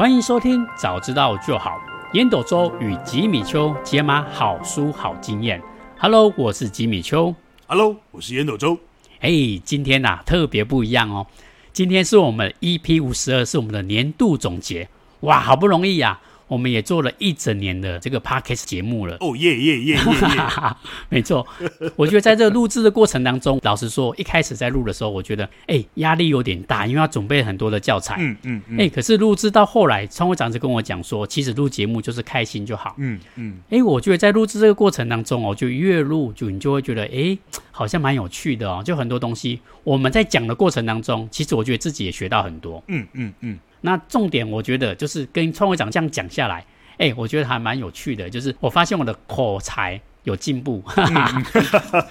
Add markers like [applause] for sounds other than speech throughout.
歡迎收聽《早知道就好》，煙斗周與吉米邱解碼好書好經驗。Hello，我是吉米邱。Hello，我是煙斗周。哎，hey, 今天吶、啊、特別不一樣哦，今天是我們的 EP 五十二，是我們的年度總結。哇，好不容易呀、啊！我們也做了一整年的這個 podcast 節目了。哦，耶耶耶哈，沒錯。我覺得在這個錄製的過程當中， [laughs] 老實說，一開始在錄的時候，我覺得，哎、欸，壓力有點大，因為要準備很多的教材。嗯嗯嗯。哎、嗯嗯欸，可是錄製到後來，創會長就跟我講說，其實錄節目就是開心就好。嗯嗯。哎、嗯欸，我覺得在錄製這個過程當中哦，我就越錄就你就會覺得，哎、欸，好像蠻有趣的哦。就很多東西我們在講的過程當中，其實我覺得自己也學到很多。嗯嗯嗯。嗯嗯那重點我覺得就是跟創會長這樣講下來，哎、欸，我覺得還蠻有趣的，就是我發現我的口才。有進步哈，哈嗯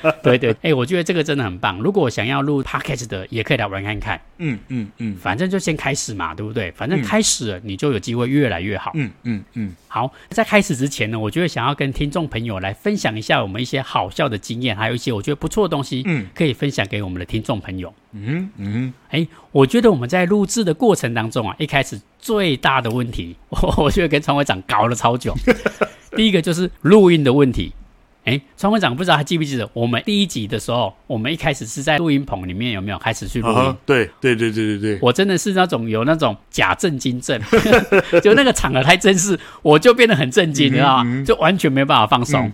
嗯、 [laughs] 對對，哎，我覺得這個真的很棒。如果我想要錄 podcast 的，也可以來玩看看。嗯嗯嗯，反正就先開始嘛，對不對？反正開始了，你就有機會越來越好。嗯嗯嗯。好，在開始之前呢，我就會想要跟聽眾朋友來分享一下我們一些好笑的經驗，還有一些我覺得不錯的東西，嗯，可以分享給我們的聽眾朋友。嗯嗯，哎，我覺得我們在錄制的過程當中啊，一開始最大的問題，我我覺得跟常會長搞了超久。第一個就是錄音的問題。哎，川會長不知道他記不記得我們第一集的時候，我們一開始是在錄音棚裡面有沒有開始去錄音？對對對對對對，對對對對我真的是那種有那種假正經症， [laughs] [laughs] 就那個場合太正式，我就變得很正經，啊， [laughs] 就完全沒辦法放鬆。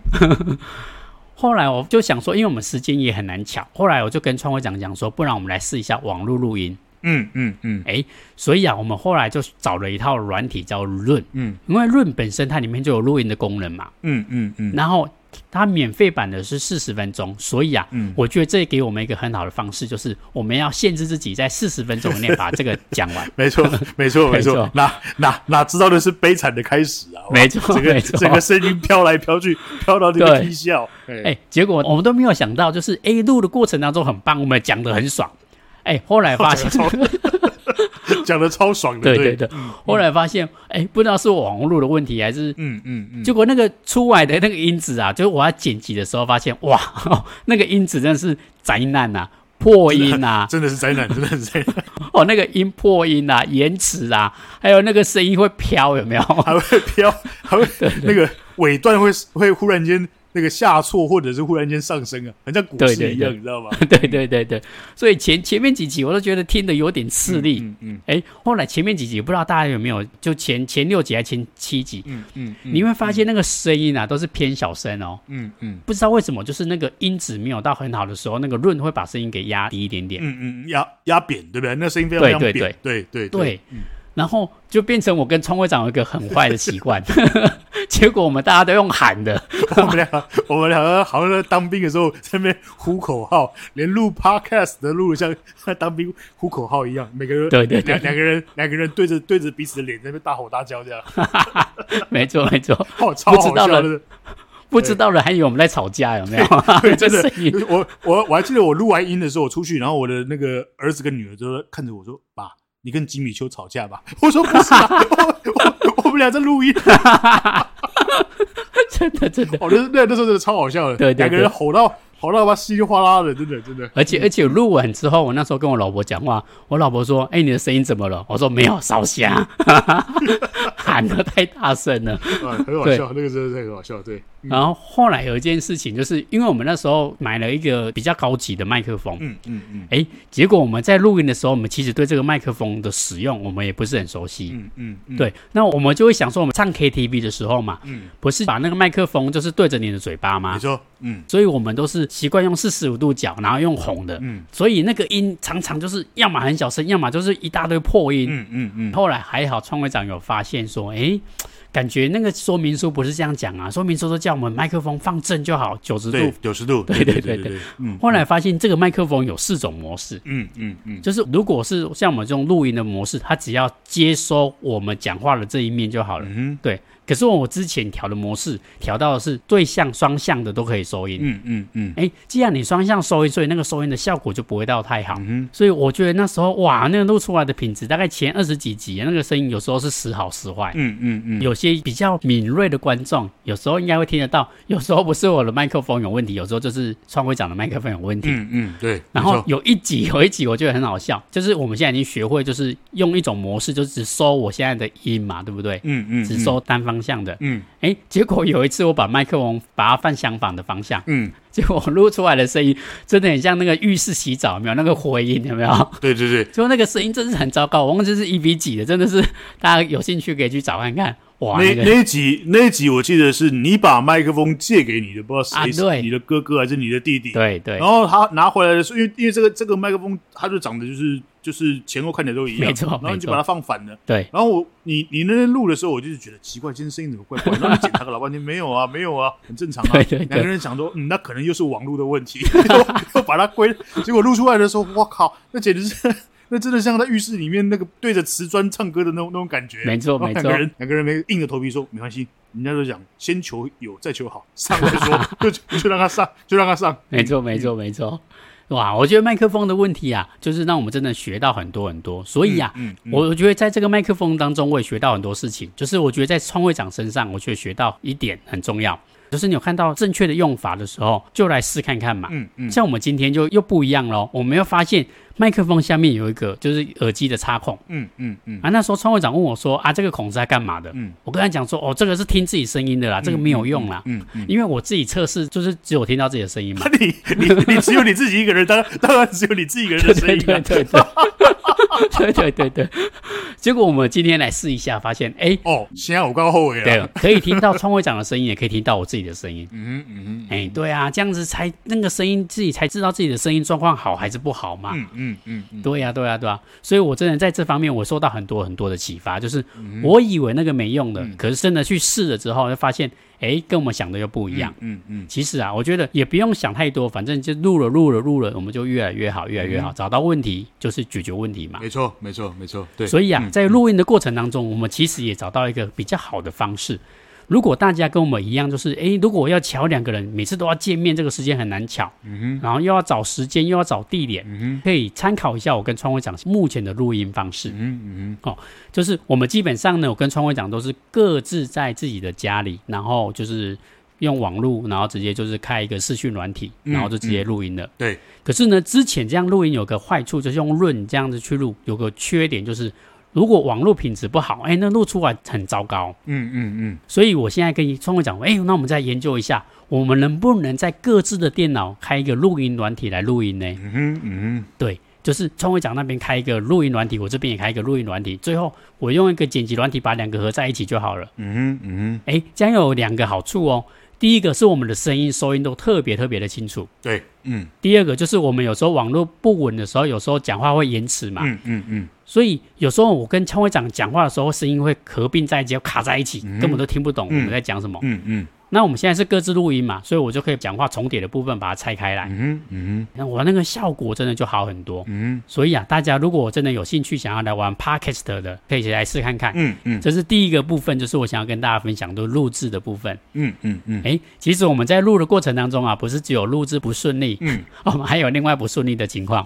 [laughs] 後來我就想說，因為我們時間也很難喬，後來我就跟川會長講說，不然我們來試一下網絡錄音。嗯嗯嗯。哎、嗯嗯，所以啊，我們後來就找了一套軟體叫潤，嗯，因為潤本身它裡面就有錄音的功能嘛。嗯嗯嗯。嗯嗯然後。他免費版的是四十分鐘，所以啊，嗯、我覺得這給我們一個很好的方式，就是我們要限制自己在四十分鐘內把這個講完。 [laughs] 沒錯，沒錯， [laughs] 沒錯錯。那那錯知道的是悲慘的開始啊！沒錯錯，整個錯整個聲音飄來飄去，飄到那個低效。哎對、欸欸，結果我們都沒有想到，就是 A 錄、欸、的過程當中很棒，我們講得很爽。哎、欸，後來發現。 [laughs] 講得 [laughs] 超爽的，對的。嗯、後來發現，哎、欸，不知道是網路的問題還是……嗯嗯嗯。嗯嗯結果那個出來的那個音質啊，就是我要剪輯的時候發現，哇，哦、那個音質真的是災難吶、啊，破音啊，真的，真的是災難，真的是災難。災難哦，那個音破音啊，延遲啊，還有那個聲音會飄，有沒有？還會飄，還會那個尾段會會忽然間。那個下挫或者是忽然間上升啊，很像股市一樣，對對對，你知道嗎？對對對對，所以前前面幾集我都覺得聽的有點吃力、嗯。嗯嗯，哎、欸，後來前面幾集不知道大家有沒有，就前前六集還前七集，嗯嗯，你會發現那個聲音啊都是偏小聲哦。嗯嗯，不知道為什麼，就是那個音質沒有到很好的時候，那個潤會把聲音給壓低一點點嗯。嗯嗯，壓、嗯、壓扁，對不對？那聲音比較扁。對對對，對對對對對對。嗯然後就變成我跟聰會長有一個很壞的習慣，呵呵，結果我們大家都用喊的。我們倆，我們倆好像在當兵的時候，那邊呼口號，連錄 podcast 都錄得像當兵呼口號一樣。每個人對，對對，兩個人兩個人對着對着彼此的臉，在那邊大吼大叫這樣。 [laughs] [laughs] 沒錯沒錯，哦，超好笑了，不知道了，對不知道還以為我們在吵架有沒有？對，真的、 [laughs] 就是。我我我還記得我錄完音的時候，我出去，然後我的那個兒子跟女兒就看着我說：“爸。”你跟吉米邱吵架吧？我說不是、啊 [laughs] 我，我我，我們倆在錄音、啊 [laughs] 真，真的真的、哦，那那，那時候真的超好笑的，兩個人吼到。好，讓我稀里嘩啦的，真的，真的。而且，而且錄完之後，我那時候跟我老婆講話，我老婆說：“哎、欸，你的聲音怎麼了？”我說：“沒有燒香，瞎 [laughs] 喊的太大聲了。”很好笑，那個真的很好笑，對。然後後來有一件事情，就是因為我們那時候買了一個比較高級的麥克風，嗯嗯嗯，哎、嗯嗯欸，結果我們在錄音的時候，我們其實對這個麥克風的使用，我們也不是很熟悉，嗯嗯，嗯，對。那我們就會想說，我們唱 KTV 的時候嘛，嗯，不是把那個麥克風就是對着你的嘴巴嗎？嗯，所以我們都是習慣用四十五度角，然後用紅的。嗯，所以那個音常常就是要麼很小聲，要麼就是一大堆破音。嗯嗯嗯。嗯嗯，後來還好，創會長有發現說，哎，感覺那個說明書不是這樣講啊，說明書說叫我們麥克風放正就好，九十度，九十度，對對對對，對對對。嗯。後來發現這個麥克風有四種模式。嗯嗯嗯。嗯，就是如果是像我們這種錄音的模式，它只要接收我們講話的這一面就好了。嗯，對。可是我之前調的模式調到的是對向雙向的都可以收音。嗯嗯嗯。哎、嗯嗯欸，既然你雙向收音，所以那個收音的效果就不會到太好。嗯。所以我覺得那時候哇，那個錄出來的品質，大概前二十幾集那個聲音有時候是時好時壞。嗯。嗯嗯嗯。有些比較敏銳的觀眾，有時候應該會聽得到，有時候不是我的麥克風有問題，有時候就是創會長的麥克風有問題。嗯嗯，對。然後有一集沒錯。有一集我覺得很好笑，就是我們現在已經學會，就是用一種模式，就是只收我現在的音嘛，對不對？嗯嗯。嗯只收單方。方向的，嗯，哎、欸，結果有一次我把麥克風把它放相反的方向，嗯，結果我錄出來的聲音真的很像那個浴室洗澡，沒有那個回音，有沒有、嗯？對對對，所以那個聲音真是很糟糕。我忘記是一比幾的，真的是大家有興趣可以去找看看。哇那個、那集、那一集，那一集我記得是你把麥克風借給你的，不知道誰、啊，你的哥哥還是你的弟弟？對對。對然後他拿回來的時候，因為因為這個這個麥克風，他就長得就是就是前後看起來都一樣，沒錯然後你就把它放反了。對。然後我你你那天錄的時候，我就是覺得奇怪，今天聲音怎麼怪怪的，那你檢查個老半天？ [laughs] 你沒有啊，沒有啊，很正常啊。兩對對對個人想說，嗯，那可能又是網絡的問題，又 [laughs] [laughs] 又把它歸。結果錄出來的時候，我靠，那簡直是。那真的像在浴室裡面那個對着瓷磚唱歌的那種那種感覺。沒錯錯，沒錯。兩個人兩錯個人沒硬着頭皮說沒關係，人家都講先求有再求好。上來說 [laughs] 就就讓他上，就讓他上。沒錯，沒錯，沒錯。哇，我覺得麥克風的問題啊，就是讓我們真的學到很多很多。所以啊，嗯，我、嗯、我覺得在這個麥克風當中，我也學到很多事情。就是我覺得在創會長身上，我覺得學到一點很重要。就是你有看到正確的用法的時候，就來試看看嘛。嗯嗯，嗯，像我們今天就又不一樣嘍。我們又發現麥克風下面有一個就是耳機的插孔。嗯。嗯嗯嗯。啊，那時候創會長問我說：“啊，這個孔是在幹嘛的？”嗯，我跟他講說：“哦，這個是聽自己聲音的啦，這個沒有用啦。嗯”嗯，嗯嗯嗯，因為我自己測試就是只有聽到自己的聲音嘛。你你你只有你自己一個人，當 [laughs] 當然只有你自己一個人的聲音啊。對，對對對。 [laughs] [laughs] [laughs] 對對對對，結果我們今天來試一下，發現哎哦，現在我剛剛後悔了。對，可以聽到創會長的聲音，也可以聽到我自己的聲音。嗯嗯嗯，哎，對啊，這樣子才那個聲音，自己才知道自己的聲音狀況好還是不好嘛。嗯嗯嗯，對呀對呀對呀對啊。所以我真的在這方面我受到很多很多的啟發，就是我以為那個沒用的，可是真的去試了之後，就發現。哎、欸，跟我們想的又不一樣。嗯嗯，嗯嗯其實啊，我覺得也不用想太多，反正就錄了，錄了，錄了，我們就越來越好，越來越好。嗯、找到問題就是解決問題嘛。沒錯，沒錯，沒錯。對。所以啊，嗯、在錄音的過程當中，嗯、我們其實也找到一個比較好的方式。如果大家跟我們一樣，就是誒如果我要巧兩個人每次都要見面，這個時間很難巧。嗯哼，然後又要找時間，又要找地點。嗯哼，可以參考一下我跟創會長目前的錄音方式。嗯嗯哼哦，就是我們基本上呢，我跟創會長都是各自在自己的家裡，然後就是用網路，然後直接就是開一個視訊軟體，然後就直接錄音了。嗯嗯、對。可是呢，之前這樣錄音有個壞處，就是用論這樣子去錄，有個缺點就是。如果網絡品質不好，哎、欸，那錄出來很糟糕。嗯嗯嗯。嗯嗯，所以我現在跟創維講，哎、欸，那我們再研究一下，我們能不能在各自的電腦開一個錄音軟體來錄音呢？嗯哼嗯嗯。對，就是創維講那邊開一個錄音軟體，我這邊也開一個錄音軟體，最後我用一個剪輯軟體把兩個合在一起就好了。嗯哼嗯哼。哎、欸，這樣有兩個好處哦。第一個是我們的聲音收音都特別特別的清楚，對，嗯。第二個就是我們有時候網絡不穩的時候，有時候講話會延遲嘛，嗯，嗯嗯。所以有時候我跟邱會長講話的時候，聲音會合併在一起，卡在一起，嗯，根本都聽不懂我們在講什麼。嗯，嗯嗯。嗯那我們現在是各自錄音嘛，所以我就可以講話重疊的部分把它拆開來。嗯嗯，那、嗯嗯、我那個效果真的就好很多。嗯，所以啊，大家如果我真的有興趣想要來玩 Podcast 的，可以一起來試看看。嗯嗯，嗯這是第一個部分，就是我想要跟大家分享的錄制的部分。嗯嗯嗯，哎、嗯嗯，其實我們在錄的過程當中啊，不是只有錄制不順利，嗯，我們、哦、還有另外不順利的情況。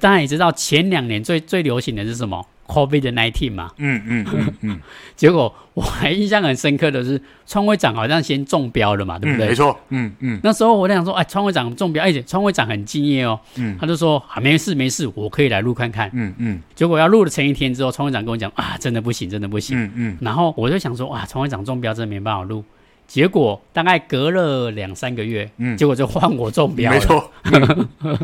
大家也知道，前兩年最最流行的是什麼？COVID-19 嘛。嗯，嗯嗯嗯，嗯 [laughs] 結果我還印象很深刻的是，創會長好像先中標了嘛，對不對？嗯、沒錯，嗯嗯。那時候我在想說，哎，創會長中標，而且創會長很敬業哦，嗯，他就說，啊，沒事沒事，我可以來錄看看，嗯嗯。嗯，結果要錄了前一天之後，創會長跟我講，啊，真的不行，真的不行，嗯嗯。嗯，然後我就想說，哇，創會長中標，真的沒辦法錄。結果大概隔了兩三個月，嗯，結果就換我中標了。沒錯，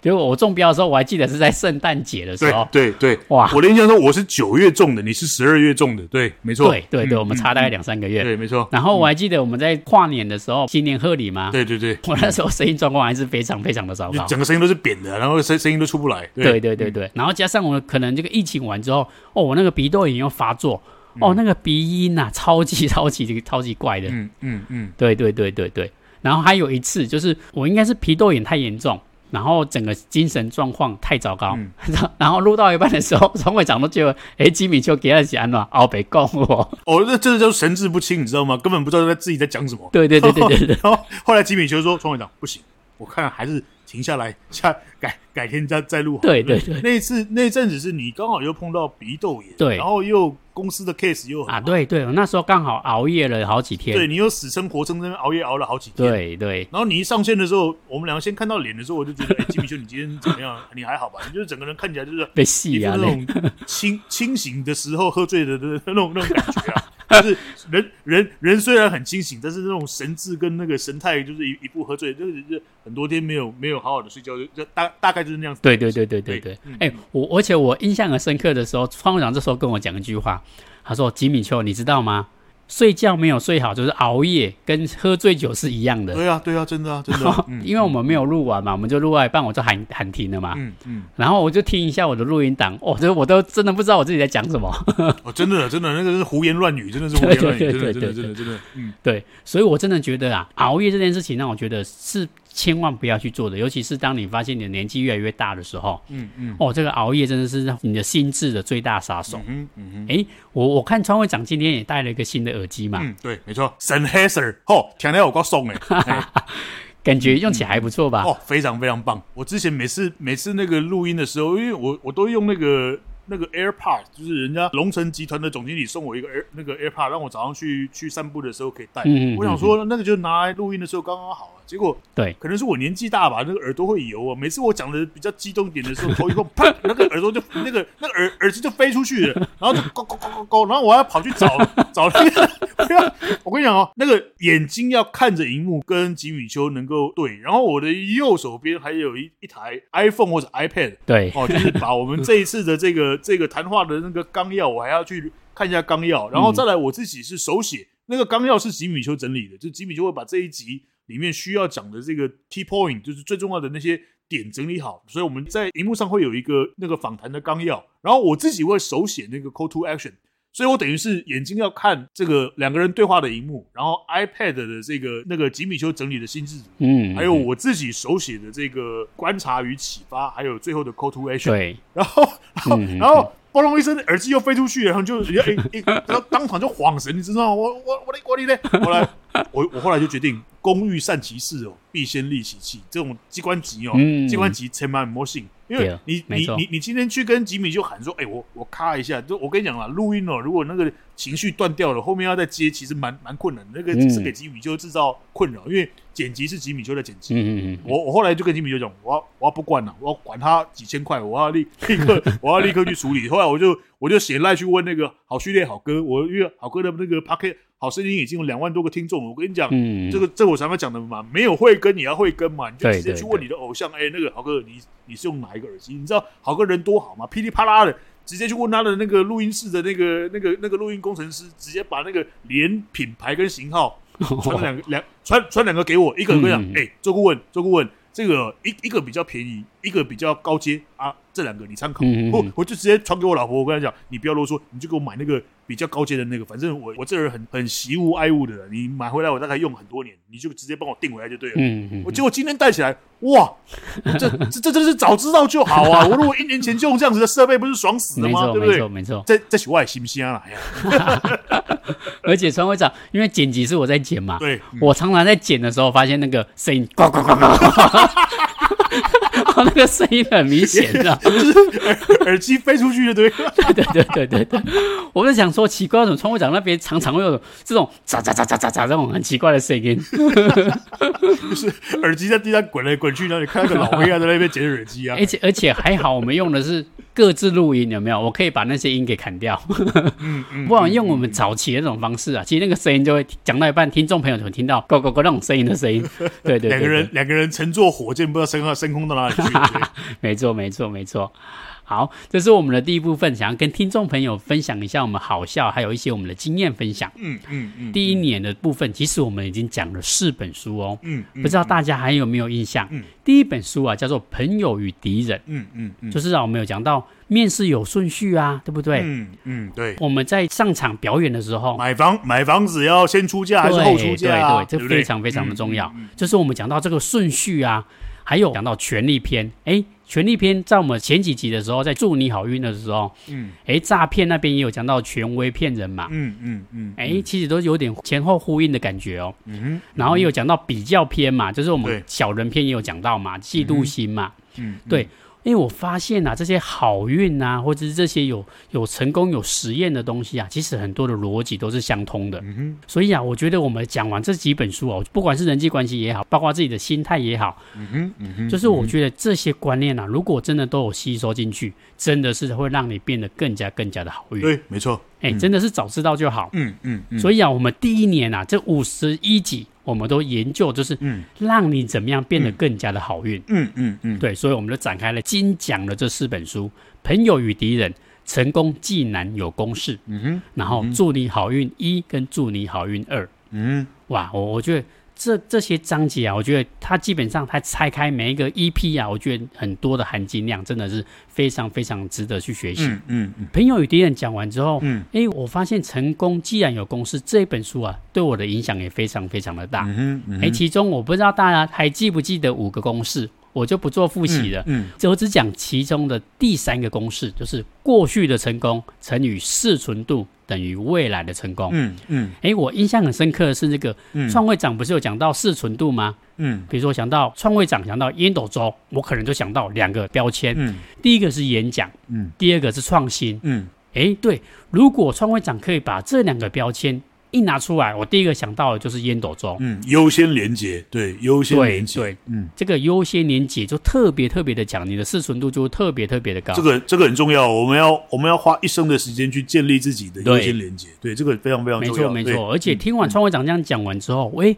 結果我中標的時候，我還記得是在聖誕節的時候。對對對，哇！我的印象說我是九月中的，你是十二月中的，對，沒錯。對對對，我們差大概兩三個月。對，沒錯。然後我還記得我們在跨年的時候，新年賀禮嘛。對對對，我那時候聲音狀況還是非常非常的糟糕，整個聲音都是扁的，然後聲聲音都出不來。對對對對，然後加上我可能這個疫情完之後，哦，我那個鼻竇炎又發作。哦，那個鼻音吶、啊，超級超級超級怪的。嗯嗯嗯，嗯嗯對對對對對。然後還有一次，就是我應該是皮竇炎太嚴重，然後整個精神狀況太糟糕。嗯、然,後然後錄到一半的時候，創偉長都覺得哎，吉米邱給他寫安了，哦，北宮。哦，這這就神志不清，你知道嗎？根本不知道他自己在講什麼。對對,對對對對對。然後後來吉米邱說，創偉長不行。我看還是停下來，下改改天再再錄。對對對，那一，那次那陣子是你剛好又碰到鼻竇炎，對，然後又公司的 case 又很好啊，對對，我那時候剛好熬夜了好幾天，對，你又死撐活生生熬夜熬了好幾天，對對、對。然後你一上線的時候，我們兩個先看到臉的時候，我就覺得哎，吉米對、欸、邱你今天怎麼樣？ [laughs] 你還好吧？你就是整個人看起來就是被戲啊，那種清 [laughs] 清醒的時候喝醉的那種那種感覺啊。 [laughs] 但 [laughs] 是人，人人人雖然很清醒，但是那種神智跟那個神態，就是一一步喝醉，就是很多天沒有沒有好好的睡覺，就，就大大概就是那樣子。對對對對對對。哎對、嗯欸，我而且我印象很深刻的時候，創會長這時候跟我講一句話，他說：“吉米邱，你知道嗎？”睡覺沒有睡好，就是熬夜跟喝醉酒是一樣的。對啊，對啊，真的啊，真的。然後嗯、因為我們沒有錄完嘛，嗯、我們就錄了一半，我就喊喊停了嘛。嗯嗯。嗯然後我就聽一下我的錄音檔，哇、哦，這我都真的不知道我自己在講什麼。 [laughs] 哦，真的，真的，那個是胡言亂語，真的是胡言亂語，對對對對真的，真的，真的，嗯，對。所以我真的覺得啊，熬夜這件事情讓我覺得是。千萬不要去做的，尤其是當你發現你的年紀越來越大的時候。嗯嗯。嗯哦，這個熬夜真的是你的心智的最大殺手。嗯嗯嗯。哎、嗯嗯欸，我我看川會長今天也帶了一個新的耳機嘛。嗯，對，沒錯，Sennheiser 哦，天天我給我送的。 [laughs] 欸、感覺用起來還不錯吧、嗯嗯？哦，非常非常棒。我之前每次每次那個錄音的時候，因為我我都用那個那個 AirPod，就是人家龍城集團的總經理送我一個 Air 那個 AirPod，讓我早上去去散步的時候可以戴。嗯嗯、我想說，那個就拿來錄音的時候剛剛好，啊。結果對，可能是我年紀大吧，對那個耳朵會油啊。每次我講的比較激動點的時候， [laughs] 頭一動，啪，那個耳朵就那個那個耳耳機就飛出去了，然後就咯咯咯咯咯然後我還要跑去找 [laughs] 找那個。我跟你講哦，那個眼睛要看着螢幕，跟吉米邱能夠對。然後我的右手邊還有一一台 iPhone 或者 iPad，對，哦，就是把我們這一次的這個這個談話的那個綱要，我還要去看一下綱要，然後再來我自己是手寫、嗯、那個綱要是吉米邱整理的，就吉米就會把這一集。裡面需要講的這個 T point 就是最重要的那些點整理好，所以我們在熒幕上會有一個那個訪談的綱要，然後我自己會手寫那個 call to action。所以我等於是眼睛要看這個兩個人對話的熒幕，然後 iPad 的這個那個吉米邱整理的心智嗯，嗯還有我自己手寫的這個觀察與啟發，還有最後的 Call to Action。對，然後，然後，嗯、然後，“隆”一聲，耳機又飛出去，然後就、欸欸、然後當場就晃神，你知道嗎？我，我，我的我嘞，我的後來，嗯、我，我後來就決定，工欲善其事，哦，必先利其器，這種機關級哦，嗯、機關級，充滿魔性。因為你 yeah, 你錯你你今天去跟吉米邱喊說，哎、欸，我我咔一下，就我跟你講啦，錄音哦、喔，如果那個情緒斷掉了，後面要再接，其實蠻蠻困難的。那個是給吉米邱製造困擾，嗯、因為剪輯是吉米邱在剪輯。嗯我我後來就跟吉米邱講，我要我要不管了，我要管他幾千塊，我要立立刻 [laughs] 我要立刻去處理。後來我就我就寫賴去問那個好序列好哥，我因為好哥的那個 packet。好聲音已經有兩萬多個聽眾，我跟你講、嗯這個，這個這我才剛講的嘛，沒有慧根你要會跟嘛，你就直接去問你的偶像，哎、欸，那個好哥，你你是用哪一個耳機？你知道好哥人多好嗎？噼里啪啦的直接去問他的那個錄音室的那個那個那個錄音工程師，直接把那個連品牌跟型號傳兩個兩傳傳兩個給我，一個我跟你講，哎、嗯，周顧、欸、問，周顧問，這個一一個比較便宜。一個比較高階啊，這兩個你參考。我我就直接傳給我老婆，我跟她講，你不要囉嗦，你就給我買那個比較高階的那個。反正我我這人很很惜物愛物的，你買回來我大概用很多年，你就直接幫我訂回來就對了。我結果今天戴起來，哇，這這這真的是早知道就好啊！我如果一年前就用這樣子的設備，不是爽死了嗎？對不對？沒錯，沒錯，在在室外行不行啊？來呀！而且，周會長，因為剪輯是我在剪嘛，對，我常常在剪的時候發現那個聲音呱哦、那個聲音很明顯，啊，你、yeah, 就是耳耳機飛出去的， [laughs] 對對對對對對 [laughs] 我在想說，奇怪，怎麼窗戶長那邊常常會有這種喳喳喳喳喳喳這種很奇怪的聲音？ [laughs] 就是耳機在地上滾來滾去，然後你看到個老黑啊，在那邊撿耳機啊。 [laughs] 而且而且還好，我們用的是。各自錄音有沒有？我可以把那些音給砍掉。嗯嗯、 [laughs] 不然用我們早期的這種方式啊，嗯嗯嗯嗯、其實那個聲音就會講到一半，聽眾朋友就會聽到 “go go go” 那種聲音的聲音。呵呵呵對，對，對對，兩個人兩個人乘坐火箭，不知道升到升空到哪裡去。 [laughs] 沒錯，沒錯，沒錯。好，這是我們的第一部分，想要跟聽眾朋友分享一下我們好笑，還有一些我們的經驗分享。嗯嗯嗯。嗯嗯第一年的部分，其實、嗯、我們已經講了四本書哦。嗯，嗯不知道大家還有沒有印象？嗯。第一本書啊，叫做《朋友與敵人》。嗯嗯，嗯就是讓、啊、我們有講到面試有順序啊，對不對？嗯嗯，對。我們在上場表演的時候，買房買房子要先出價還是後出價、啊對？對對，對對這非常非常的重要。嗯嗯嗯、就是我們講到這個順序啊，還有講到權力篇，誒權力篇在我們前幾集的時候，在祝你好運的時候，嗯，哎，詐騙那邊也有講到權威騙人嘛，嗯嗯嗯誒，其實都有點前後呼應的感覺哦，嗯哼，然後也有講到比較篇嘛，嗯、哼就是我們小人篇也有講到嘛，嫉妒心嘛，嗯，對、嗯。因為我發現啊，這些好運啊，或者是這些有有成功有實驗的東西啊，其實很多的邏輯都是相通的。嗯、哼所以啊，我覺得我們講完這幾本書啊，不管是人際關係也好，包括自己的心態也好，嗯哼，嗯哼，就是我覺得這些觀念啊，嗯、哼如果真的都有吸收進去，真的是會讓你變得更加更加的好運。對，沒錯、嗯欸。真的是早知道就好。嗯嗯。嗯嗯所以啊，我們第一年啊，這五十一集。我們都研究，就是嗯，讓你怎麼樣變得更加的好運，嗯，嗯嗯嗯，嗯嗯對，所以我們都展開了精講的這四本書，《朋友與敵人》，《成功竟然有公式》嗯，嗯哼，然後《祝你好運一》跟《祝你好運二》嗯哼，嗯，哇，我我覺得。這這些章節啊，我覺得它基本上它拆開每一個 EP 啊，我覺得很多的含金量真的是非常非常值得去學習。嗯嗯，嗯嗯朋友與敵人講完之後，嗯，哎，我發現成功既然有公式，這本書啊，對我的影響也非常非常的大。嗯嗯，哎，其中我不知道大家還記不記得五個公式。我就不做複習了，嗯，就、嗯、我只，只講其中的第三個公式，就是過去的成功乘以適存度等於未來的成功，嗯嗯，哎、嗯，我印象很深刻的是那、這個，嗯，創會長不是有講到適存度嗎？嗯，比如說我想到創會長，想到煙斗周，我可能就想到兩個標籤，嗯，第一個是演講，嗯，第二個是創新，嗯，哎，對，如果創會長可以把這兩個標籤，一拿出來，我第一個想到的就是煙斗周。嗯，優先連接，對，優先連接，對對嗯，這個優先連接就特別特別的強，你的適存度就特別特別的高。這個這個很重要，我們要我們要花一生的時間去建立自己的優先連接，對，對，這個非常非常重要。沒錯沒錯，對而且聽完創會長這樣講完之後，喂、嗯。嗯欸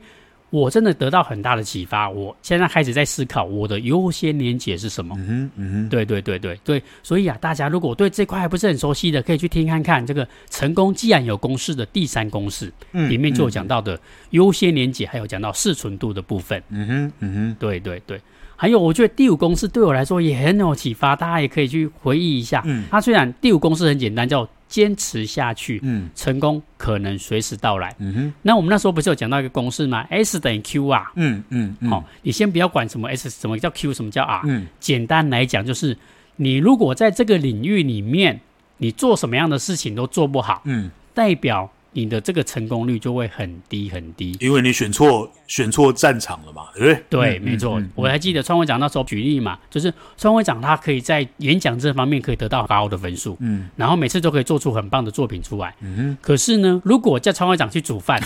我真的得到很大的啟發，我現在開始在思考我的優先連結是什麼。嗯哼嗯哼，對對對對對，所以啊，大家如果對這塊還不是很熟悉的，可以去聽看看這個成功既然有公式的第三公式，嗯、裡面就有講到的優先連結，嗯、哼還有講到適存度的部分。嗯哼嗯哼，嗯哼對對對，還有我覺得第五公式對我來說也很有啟發，大家也可以去回憶一下。嗯，它雖然第五公式很簡單，叫。堅持下去，嗯，成功可能隨時到來。嗯哼，那我們那時候不是有講到一個公式嗎？S 等於 Q R 啊。嗯，嗯嗯，好，哦，你先不要管什麼 S，什麼叫 Q，什麼叫 R。嗯，簡單來講，就是你如果在這個領域裡面，你做什麼樣的事情都做不好，嗯，代表。你的這個成功率就會很低很低，因為你選錯選錯戰場了嘛，對不對？對，沒錯。我還記得創會長那時候舉例嘛，就是創會長他可以在演講這方面可以得到高的分數，嗯，然後每次都可以做出很棒的作品出來，嗯嗯。可是呢，如果叫創會長去煮飯，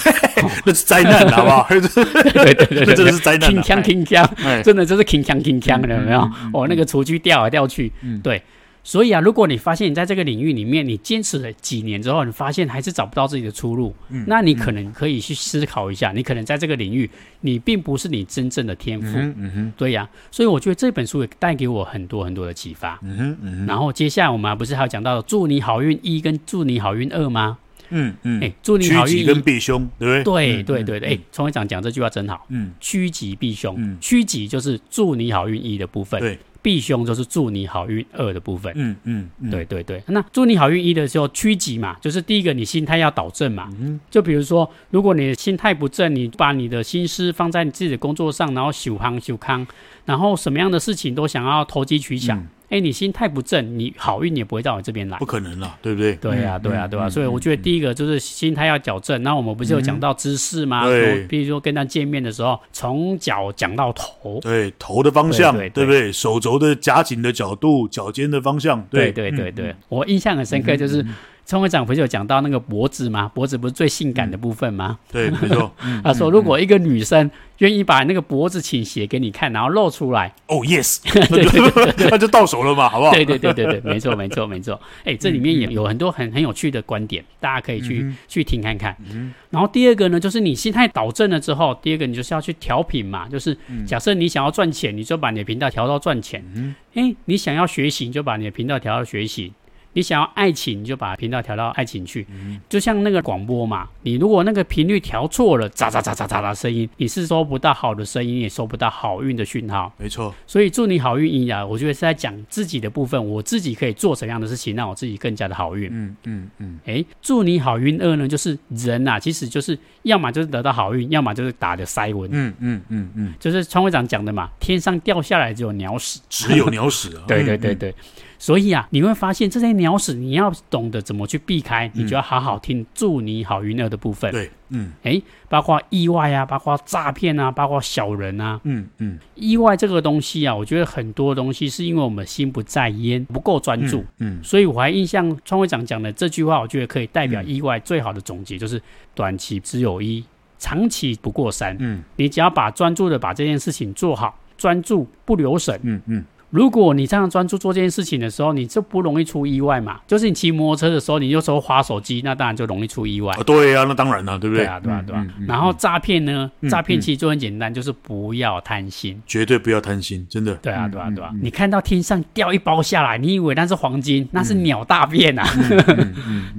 那是災難，好不好？對對對，真的是災難。鏗鏘鏗鏘，真的就是鏗鏘鏗鏘的，有沒有？哦，那個廚具掉來掉去，嗯，對。所以啊，如果你發現你在這個領域裡面，你堅持了幾年之後，你發現還是找不到自己的出路，那你可能可以去思考一下，你可能在這個領域，你並不是你真正的天賦，嗯哼，對呀。所以我覺得這本書也帶給我很多很多的啟發，嗯哼，然後接下來我們不是還有講到祝你好運一跟祝你好運二嗎？嗯嗯，哎，祝你好運一跟避凶，對不對？對對對的，哎，長講這句話真好，嗯，趨吉避凶，嗯，趨吉就是祝你好運一的部分，對。避凶，就是祝你好運二的部分嗯，嗯嗯，對對對。那祝你好運一的時候趨吉嘛，就是第一個你心態要導正嘛，嗯，就比如說如果你的心態不正，你把你的心思放在你自己的工作上，然後修行修康，然後什麼樣的事情都想要投機取巧。嗯你心態不正，你好運也不會到我這邊來，不可能啦，對不對？對啊，對啊，嗯、對啊，對啊嗯、，所以我覺得第一個就是心態要矯正。那、嗯、我們不是有講到姿勢嗎？嗯、對，比如說跟他見面的時候，從腳講到頭，對頭的方向，對，對，對，對不對？手肘的夾緊的角度，腳尖的方向，對對對，對對對。嗯、我印象很深刻，就是。嗯嗯嗯創會長不是有講到那個脖子嘛？脖子不是最性感的部分嗎？嗯、對，沒錯。 [laughs] 他說，如果一個女生願意把那個脖子傾斜給你看，然後露出來，哦、oh，yes，那就到手了嘛，好不好？對對對對對，沒錯沒錯沒錯。哎，這裡面也有很多很很有趣的觀點，大家可以去嗯嗯去聽看看。嗯嗯然後第二個呢，就是你心態導正了之後，第二個你就是要去調頻嘛，就是假設你想要賺錢，你就把你的頻道調到賺錢。嗯。誒，你想要學習，就把你的頻道調到學習。 [noise] 你想要愛情，你就把頻道調到愛情去。就像那個廣播嘛，你如果那個頻率調錯了，喳喳喳喳喳喳聲音，你是收不到好的聲音，也收不到好運的訊號。沒錯錯，所以祝你好運一啊，我覺得是在講自己的部分，我自己可以做什麼樣的事情，讓我自己更加的好運、嗯。嗯嗯嗯。哎，祝你好運二呢，就是人啊，其實就是要麼就是得到好運，要麼就是打的塞文。嗯嗯嗯嗯，嗯嗯嗯就是創會長講的嘛，天上掉下來只有鳥屎，只有鳥屎、啊。 [laughs] [laughs] 對對對對。嗯嗯所以啊，你會發現這些鳥屎，你要懂得怎麼去避開。嗯、你就要好好聽祝你好運樂的部分。對，嗯誒，包括意外啊，包括詐騙啊，包括小人啊。嗯嗯。嗯意外這個東西啊，我覺得很多東西是因為我們心不在焉，不夠專注。嗯。嗯所以我還印象創會長講的這句話，我覺得可以代表意外最好的總結，就是短期只有一，長期不過三。嗯。你只要把專注的把這件事情做好，專注不留神。嗯嗯。嗯如果你這樣專注做這件事情的時候，你就不容易出意外嘛。就是你騎摩托車的時候，你右手滑手機，那當然就容易出意外。啊，對呀，那當然了，對不對啊？對啊，對。然後詐騙呢？詐騙其實就很簡單，就是不要貪心，絕對不要貪心，真的。對啊，對啊。對啊。你看到天上掉一包下來，你以為那是黃金，那是鳥大便啊。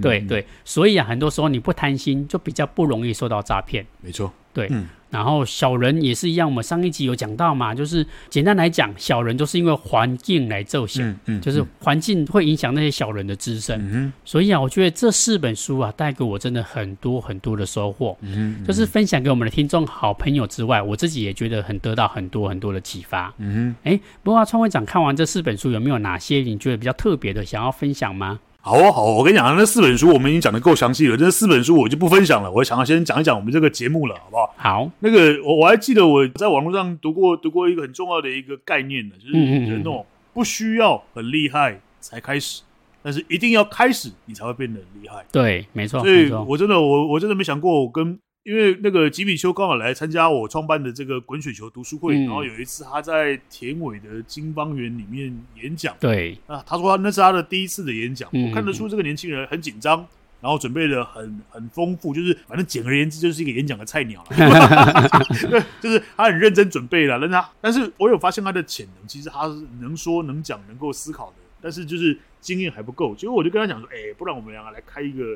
對對，所以啊，很多時候你不貪心，就比較不容易受到詐騙。沒錯，對。然後小人也是一樣，我們上一集有講到嘛，就是簡單來講，小人都是因為環境來奏響，嗯，嗯，嗯，就是環境會影響那些小人的滋生，嗯哼，所以啊，我覺得這四本書啊，帶給我真的很多很多的收穫，嗯哼，就是分享給我們的聽眾、好朋友之外，我自己也覺得很得到很多很多的啟發，嗯哼，哎，不過啊，創會長看完這四本書，有沒有哪些你覺得比較特別的想要分享嗎？好啊，好啊，我跟你講啊，那四本書我們已經講的夠詳細了，這四本書我就不分享了，我想要先講一講我們這個節目了，好不好？好，那個我我還記得我在網絡上讀過讀過一個很重要的一個概念呢，就是人哦，不需要很厲害才開始，但是一定要開始，你才會變得很厲害。對，沒錯，所以，我真的，我我真的沒想過我跟。因為那個吉米邱剛好來參加我創辦的這個滾雪球讀書會，嗯、然後有一次他在田尾的金方園裡面演講，對啊，他說那是他的第一次的演講，嗯、我看得出這個年輕人很緊張，然後準備的很很豐富，就是反正簡而言之就是一個演講的菜鳥了，對， [laughs] [laughs] [laughs] 就是他很認真準備了，但是我有發現他的潛能，其實他是能說能講，能夠思考的，但是就是經驗還不夠，所以我就跟他講說，哎、欸，不然我們兩個來開一個。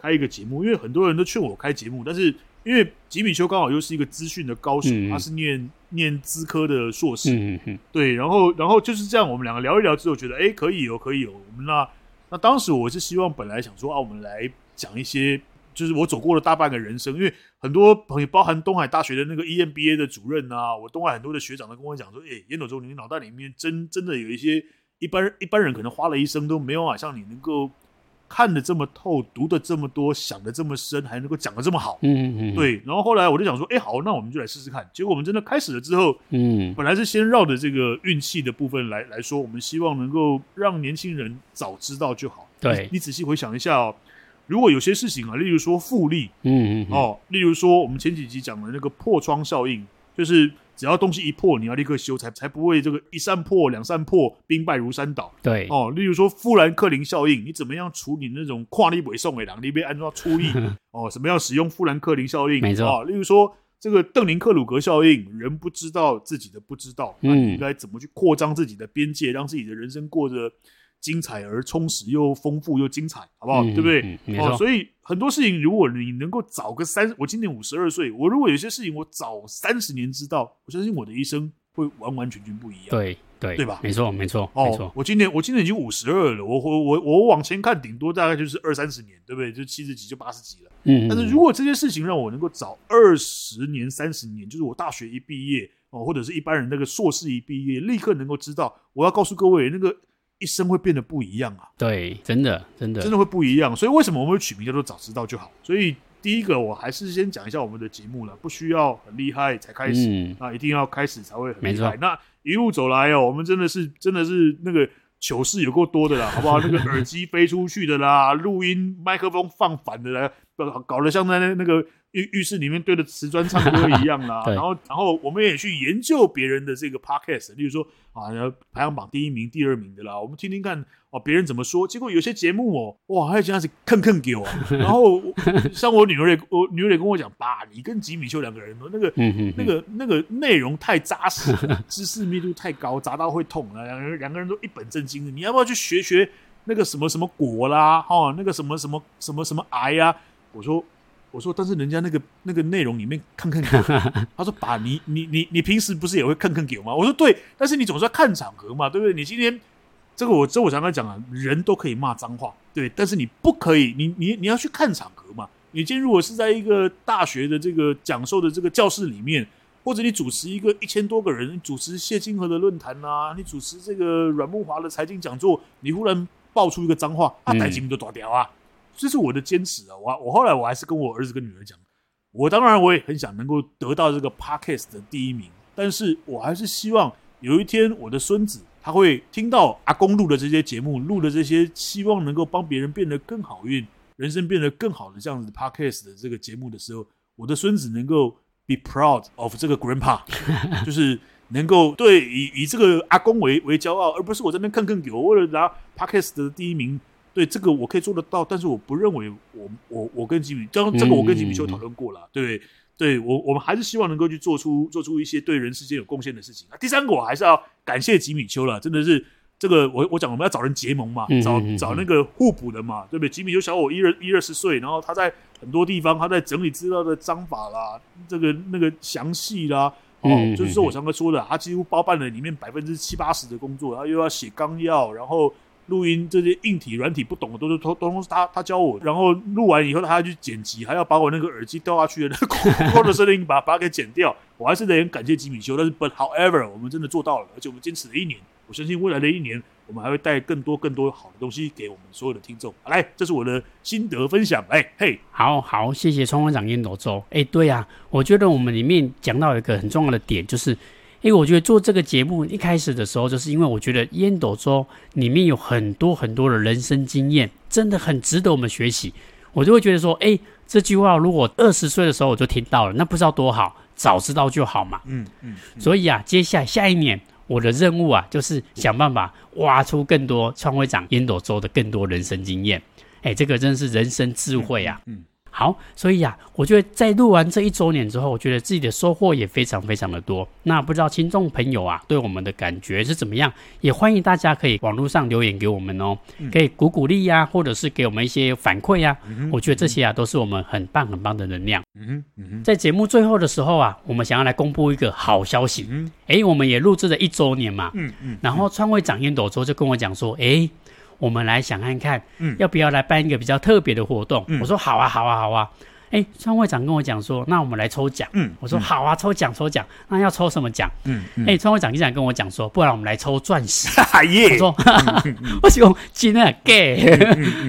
開一個節目，因為很多人都勸我開節目，但是因為吉米邱剛好又是一個資訊的高手，嗯、他是念、嗯、念資科的碩士，嗯、對，然後然後就是這樣，我們兩個聊一聊之後，覺得哎可以有，可以有、哦哦。我們那那當時我是希望本來想說啊，我們來講一些，就是我走過了大半個人生，因為很多朋友，包含東海大學的那個 EMBA 的主任啊，我東海很多的學長都跟我講說，哎，煙斗周，你腦袋裡面真真的有一些一般人一般人可能花了一生都沒有啊，像你能夠。看得這麼透，讀得這麼多，想得這麼深，還能夠講得這麼好，嗯，嗯，嗯，對。然後後來我就想說，哎，好，那我們就來試試看。結果我們真的開始了之後，嗯，嗯，本來是先繞着這個運氣的部分來來說，我們希望能夠讓年輕人早知道就好。對、啊，你仔細回想一下哦，如果有些事情啊，例如說複利，嗯，嗯嗯，哦，例如說我們前幾集講的那個破窗效應，就是。只要東西一破，你要立刻修，才才不會這個一扇破，兩扇破，兵敗如山倒。對哦，例如說富蘭克林效應，你怎麼樣處理那種跨立委送誒？哪裡被安照出力， [laughs] 哦，什麼樣使用富蘭克林效應？沒錯錯、哦、例如說這個鄧寧克魯格效應，人不知道自己的不知道，嗯，那應該怎麼去擴張自己的邊界，嗯、讓自己的人生過得？精彩而充實，又豐富又精彩，好不好？嗯、對不對、嗯嗯哦，所以很多事情，如果你能夠早個三，我今年五十二歲，我如果有些事情我早三十年知道，我相信我的一生會完完全全不一樣。對對，對，對吧？沒錯，沒錯，沒錯。哦、我今年我今年已經五十二了，我我我往前看，頂多大概就是二三十年，對不對？就七十幾，就八十幾了。嗯、但是如果這些事情讓我能夠早二十年、三十年，就是我大學一畢業、哦、或者是一般人那個碩士一畢業，立刻能夠知道，我要告訴各位那個。一生會變得不一樣啊！對，真的，真的，真的會不一樣。所以為什麼我們會取名叫做“早知道就好”？所以第一個，我還是先講一下我們的節目啦，不需要很厲害才開始、嗯、啊，一定要開始才會很厲害。錯那一路走來哦、喔，我們真的是，真的是那個糗事有夠多的啦，好不好？ [laughs] 那個耳機飛出去的啦，錄音麥克風放反的啦，搞得像那那那個。浴浴室裡面堆着瓷磚，差不多一樣啦。然後，然後我們也去研究別人的這個 podcast，例如說啊，排行榜第一名、第二名的啦。我們聽聽看哦，別人怎麼說。結果有些節目哦、喔，哇，還有些那真是坑坑給我。然後，像我女兒也，我女兒也跟我講，爸，你跟吉米邱兩個人，那個那個那個內容太紮實，知識密度太高，砸到會痛啊。兩個人兩個人都一本正經的，你要不要去學學那個什麼什麼果啦？哦，那個什麼什麼什麼什麼癌呀？我說。我說，但是人家那個那個內容裡面看看， [laughs] 他說把你你你你平時不是也會看看給我嗎？我說對，但是你總是要看場合嘛，對不對？你今天這個我，我這我剛剛講啊，人都可以罵髒話，對，對，但是你不可以，你你你要去看場合嘛。你今天如果是在一個大學的這個講授的這個教室裡面，或者你主持一個一千多個人，你主持謝金河的論壇啊，你主持這個阮慕驊的財經講座，你忽然爆出一個髒話，那台節目就抓掉啊。嗯這是我的堅持啊！我我後來我還是跟我兒子跟女兒講，我當然我也很想能夠得到這個 podcast 的第一名，但是我還是希望有一天我的孫子他會聽到阿公錄的這些節目，錄的這些，希望能夠幫別人變得更好運，人生變得更好的這樣子的 podcast 的這個節目的時候，我的孫子能夠 be proud of 這個 grandpa， [laughs] 就是能夠對以以這個阿公為為驕傲，而不是我這邊看看給我為了拿 podcast 的第一名。對這個我可以做得到，但是我不認為我我我跟吉米，剛剛這個我跟吉米邱討論過了，嗯嗯嗯嗯對，對，我我們還是希望能夠去做出做出一些對人世間有貢獻的事情。那第三個我還是要感謝吉米邱了，真的是這個我我講我們要找人結盟嘛，找嗯嗯嗯嗯找那個互補的嘛，對不對？吉米邱小我一二、一二十歲，然後他在很多地方他在整理資料的章法啦，這個那個詳細啦，哦，嗯嗯嗯嗯嗯就是說我常常說的，他幾乎包辦了裡面百分之七八十的工作，他又要寫綱要，然後。錄音這些硬體、軟體不懂的，都是通，都是他，他教我。然後錄完以後，他還要去剪輯，還要把我那個耳機掉下去的那個咕咕的聲音，把把它給剪掉。我還是得很感謝吉米邱。但是，but however，我們真的做到了，而且我們堅持了一年。我相信未來的一年，我們還會帶更多、更多好的東西給我們所有的聽眾。來，這是我的心得分享。哎嘿，好好，謝謝創會長煙斗周。哎，對呀，我覺得我們裡面講到一個很重要的點，就是。哎，我覺得做這個節目一開始的時候，就是因為我覺得煙斗周裡面有很多很多的人生經驗，真的很值得我們學習。我就會覺得說，哎，這句話如果二十歲的時候我就聽到了，那不知道多好，早知道就好嘛。嗯嗯。嗯嗯，所以啊，接下來下一年我的任務啊，就是想辦法挖出更多創會長煙斗周的更多人生經驗。哎，這個真的是人生智慧啊。嗯。嗯嗯好，所以呀、啊，我覺得在錄完這一周年之後，我覺得自己的收穫也非常非常的多。那不知道聽眾朋友啊，對我們的感覺是怎麼樣？也歡迎大家可以網絡上留言給我們哦，可以鼓鼓勵呀、啊，或者是給我們一些反饋呀、啊。我覺得這些啊，都是我們很棒很棒的能量。嗯哼，嗯哼。在節目最後的時候啊，我們想要來公布一個好消息。哎，我們也錄制了一周年嘛。嗯嗯。然後創衛掌煙斗周就跟我講說，哎。我們來想看看，嗯，要不要來辦一個比較特別的活動？我說好啊，好啊，好啊。哎，川會長跟我講說，那我們來抽獎。嗯，我說好啊，抽獎，抽獎。那要抽什麼獎？嗯，哎，川會長經常跟我講說，不然我們來抽鑽石。他說，我喜歡金啊，gay。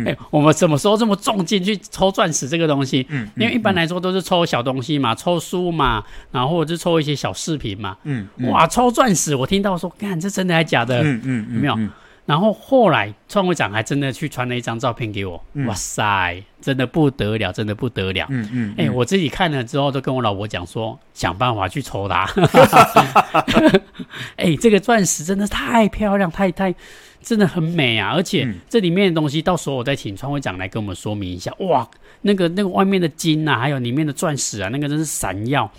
哎，我們什麼時候這麼重金去抽鑽石這個東西？嗯，因為一般來說都是抽小東西嘛，抽書嘛，然後或者是抽一些小視頻嘛。嗯，哇，抽鑽石！我聽到說，幹這真的還假的？嗯嗯，有沒有？然後後來創會長還真的去傳了一張照片給我，嗯、哇塞，真的不得了，真的不得了。嗯嗯，哎、嗯，欸嗯、我自己看了之後，都跟我老婆講說，想辦法去抽它。哎、 [laughs] [laughs] [laughs] 欸，這個鑽石真的太漂亮，太太真的很美啊！而且這裡面的東西，嗯、到時候我再請創會長來跟我們說明一下。哇，那個那個外面的金啊，還有裡面的鑽石啊，那個真是閃耀。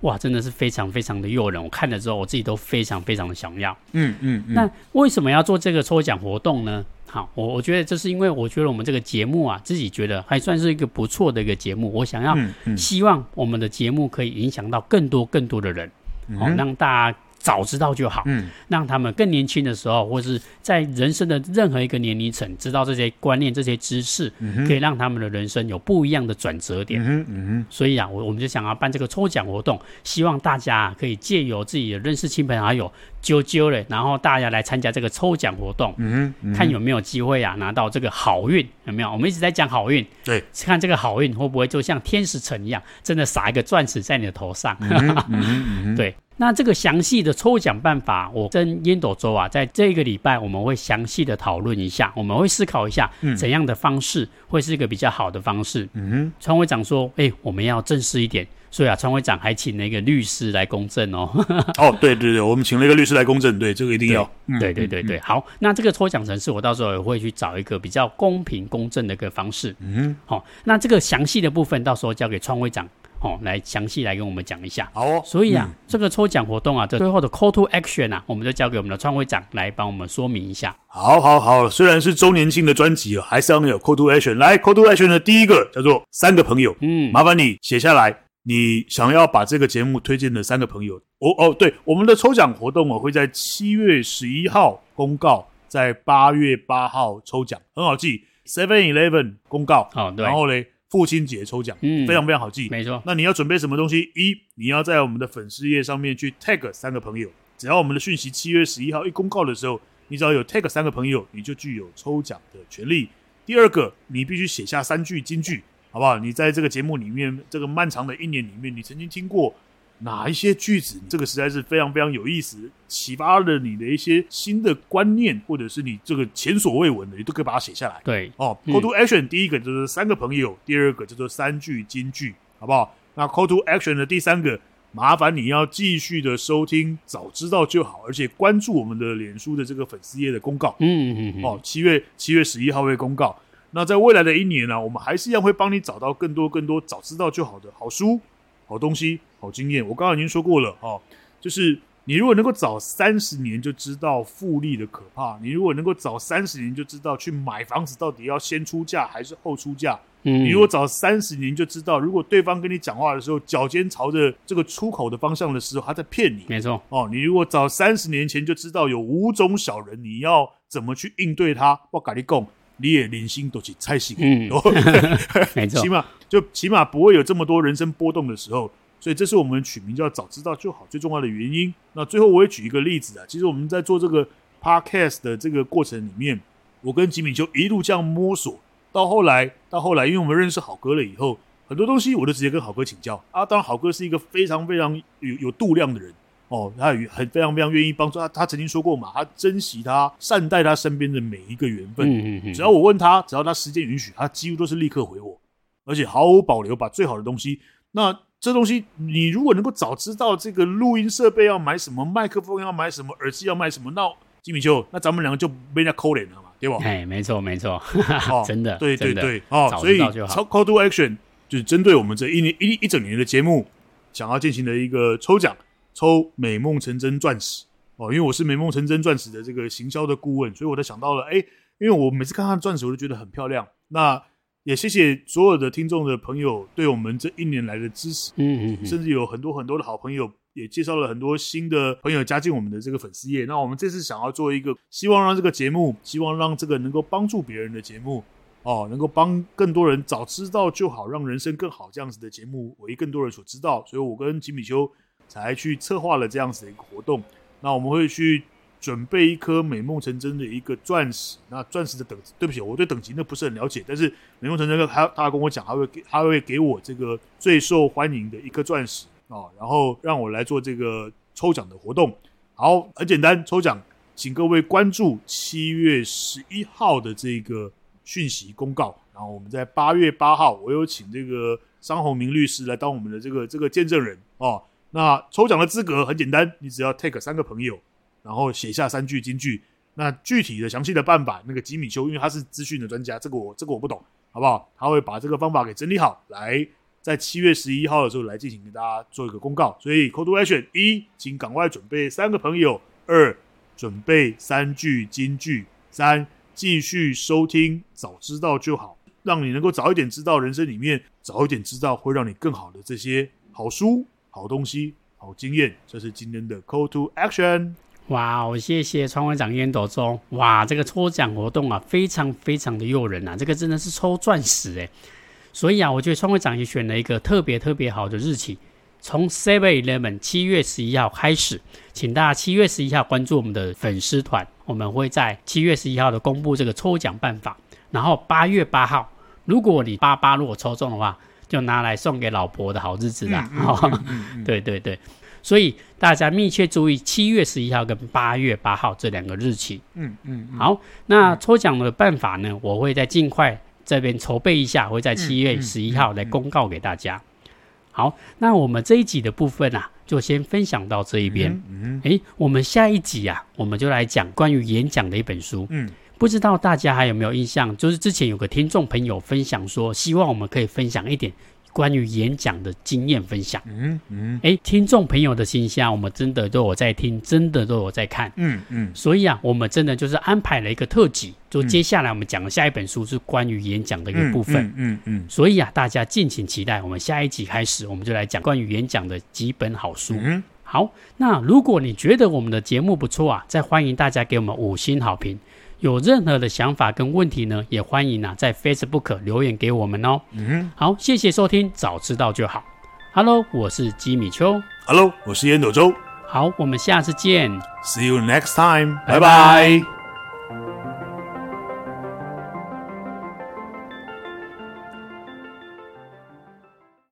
哇，真的是非常非常的誘人！我看了之後，我自己都非常非常的想要。嗯嗯，嗯嗯，那為什麼要做這個抽獎活動呢？好，我我覺得這是因為我覺得我們這個節目啊，自己覺得還算是一個不錯的一個節目。我想要希望我們的節目可以影響到更多更多的人，好、嗯嗯哦、讓大家。早知道就好，嗯、讓他們更年輕的時候，或是在人生的任何一個年齡層，知道這些觀念、這些知識，嗯、哼可以讓他們的人生有不一樣的轉折點。嗯嗯、所以啊，我我們就想要辦這個抽獎活動，希望大家可以借由自己的認識親朋好友，揪揪嘞，然後大家來參加這個抽獎活動，嗯嗯、看有沒有機會啊，拿到這個好運，有沒有？我們一直在講好運，對，看這個好運會不會就像天使城一樣，真的撒一個鑽石在你的頭上，嗯嗯嗯、 [laughs] 對。那這個詳細的抽獎辦法，我跟煙斗周啊，在這個禮拜我們會詳細的討論一下，我們會思考一下怎樣的方式，嗯、會是一個比較好的方式。嗯哼，川會長說，哎、欸，我們要正式一點，所以啊，川會長還請了一個律師來公證哦。 [laughs] 哦，對對對，我們請了一個律師來公證，對，這個一定要對。對對對對，好，那這個抽獎程式，我到時候也會去找一個比較公平公正的一個方式。嗯哼，好、哦，那這個詳細的部分，到時候交給川會長。哦、來詳細來跟我們講一下，好、哦。所以啊，嗯、這個抽獎活動啊，這個、最後的 call to action 啊，我們就交給我們的創會長來幫我們說明一下。好，好，好。雖然是周年慶的專輯啊，還是要有 call to action。來，call to action 的第一個叫做三個朋友。嗯，麻煩你寫下來，你想要把這個節目推薦的三個朋友。哦，哦，對，我們的抽獎活動啊，會在七月十一號公告，在八月八號抽獎，很好記，Seven Eleven 公告。好、哦，對。然後呢？父親節抽獎，嗯，非常非常好記，嗯，沒錯。那你要準備什麼東西？一，你要在我們的粉絲頁上面去 tag 三個朋友，只要我們的訊息七月十一號一公告的時候，你只要有 tag 三個朋友，你就具有抽獎的權利。第二個，你必須寫下三句金句，好不好？你在這個節目裡面，這個漫長的一年裡面，你曾經聽過。哪一些句子，你這個實在是非常非常有意思，啟發了你的一些新的觀念，或者是你這個前所未聞的，你都可以把它寫下來。對哦、嗯、Call to Action 第一個就是三個朋友，第二個叫做三句金句，好不好？那 Call to Action 的第三個，麻煩你要繼續的收聽，早知道就好，而且關注我們的臉書的這個粉絲頁的公告。嗯嗯，嗯，嗯哦，七月七月十一號會公告。那在未來的一年呢、啊，我們還是一樣會幫你找到更多更多早知道就好的好書、好東西。好經驗，我剛剛已經說過了啊、哦，就是你如果能夠早三十年就知道複利的可怕，你如果能夠早三十年就知道去買房子到底要先出價還是後出價，嗯，你如果早三十年就知道，如果對方跟你講話的時候腳尖朝着這個出口的方向的時候，他在騙你，沒錯錯哦。你如果早三十年前就知道有五種小人，你要怎麼去應對他？我咖喱貢，你也連心都去猜心，嗯，哦、 [laughs] 沒錯錯，起碼就起碼不會有這麼多人生波動的時候。所以這是我們取名叫“早知道就好”最重要的原因。那最後我也舉一個例子啊，其實我們在做這個 podcast 的這個過程裡面，我跟吉米邱一路這樣摸索。到後來，到後來，因為我們認識好哥了以後，很多東西我都直接跟好哥請教啊。當然，好哥是一個非常非常有有度量的人哦，他也很非常非常願意幫助他。他曾經說過嘛，他珍惜他善待他身邊的每一個緣分。只要我問他，只要他時間允許，他幾乎都是立刻回我，而且毫無保留把最好的東西那。這東西，你如果能夠早知道這個錄音設備要買什麼，麥克風要買什麼，耳機要買什麼，那吉米邱，那咱們兩個就沒人家摳臉了嘛，對吧？哎，沒錯，沒錯，哈哈哦、真的，對對對，哦，所以超 Call To Action 就是針對我們這一年一一整年的節目，想要進行的一個抽獎，抽美夢成真鑽石哦，因為我是美夢成真鑽石的這個行銷的顧問，所以我才想到了，哎，因為我每次看看鑽石，我都覺得很漂亮，那。也謝謝所有的聽眾的朋友對我們這一年來的支持，嗯嗯，甚至有很多很多的好朋友也介紹了很多新的朋友加進我們的這個粉絲頁。那我們這次想要做一個，希望讓這個節目，希望讓這個能夠幫助別人的節目，哦，能夠幫更多人早知道就好，讓人生更好這樣子的節目為更多人所知道。所以我跟吉米邱才去策劃了這樣子的一個活動。那我們會去。準備一顆美夢成真的一個鑽石。那鑽石的等級，對不起，我對等級呢不是很了解。但是美夢成真的他他跟我講，他會給他會給我這個最受歡迎的一顆鑽石啊、哦，然後讓我來做這個抽奬的活動。好，很簡單，抽奬，請各位關注七月十一號的這個訊息公告。然後我們在八月八號，我有請這個張宏明律師來當我們的這個這個見證人哦，那抽奬的資格很簡單，你只要 take 三個朋友。然後寫下三句金句。那具體的詳細的辦法，那個吉米邱，因為他是資訊的專家，這個我這個我不懂，好不好？他會把這個方法給整理好，來在七月十一號的時候來進行給大家做一個公告。所以 Call To Action 一，請趕快準備三個朋友；二，準備三句金句；三，繼續收聽。早知道就好，讓你能夠早一點知道人生裡面早一點知道會讓你更好的這些好書、好東西、好經驗。這是今天的 Call To Action。哇哦，謝謝創會長煙斗周哇，這個抽獎活動啊，非常非常的誘人吶、啊！這個真的是抽鑽石誒、欸。所以啊，我覺得創會長也選了一個特別特別好的日期，從 seven eleven 七月十一號開始，請大家七月十一號關注我們的粉絲團，我們會在七月十一號的公布這個抽獎辦法，然後八月八號，如果你八八如果抽中的話，就拿來送給老婆的好日子啦！對對對。所以大家密切注意七月十一號跟八月八號這兩個日期。嗯嗯。嗯嗯好，那抽獎的辦法呢？我會在盡快這邊籌備一下，會在七月十一號來公告給大家。嗯嗯、好，那我們這一集的部分啊，就先分享到這一邊。嗯哎、嗯嗯，我們下一集啊，我們就來講關於演講的一本書。嗯。不知道大家還有沒有印象？就是之前有個聽眾朋友分享說，希望我們可以分享一點。關於演講的經驗分享，嗯嗯，哎，聽眾朋友的信息啊，我們真的都有在聽，真的都有在看，嗯嗯，嗯所以啊，我們真的就是安排了一個特輯，就接下來我們講的下一本書是關於演講的一個部分，嗯嗯，嗯嗯嗯所以啊，大家敬請期待，我們下一集開始，我們就來講關於演講的幾本好書。嗯嗯、好，那如果你覺得我們的節目不錯啊，再歡迎大家給我們五星好評。有任何的想法跟問題呢，也歡迎啊在 Facebook 留言給我們哦。嗯哼，好，謝謝收聽，早知道就好。Hello，我是吉米邱。Hello，我是煙斗周。好，我們下次見。See you next time, bye bye。拜拜。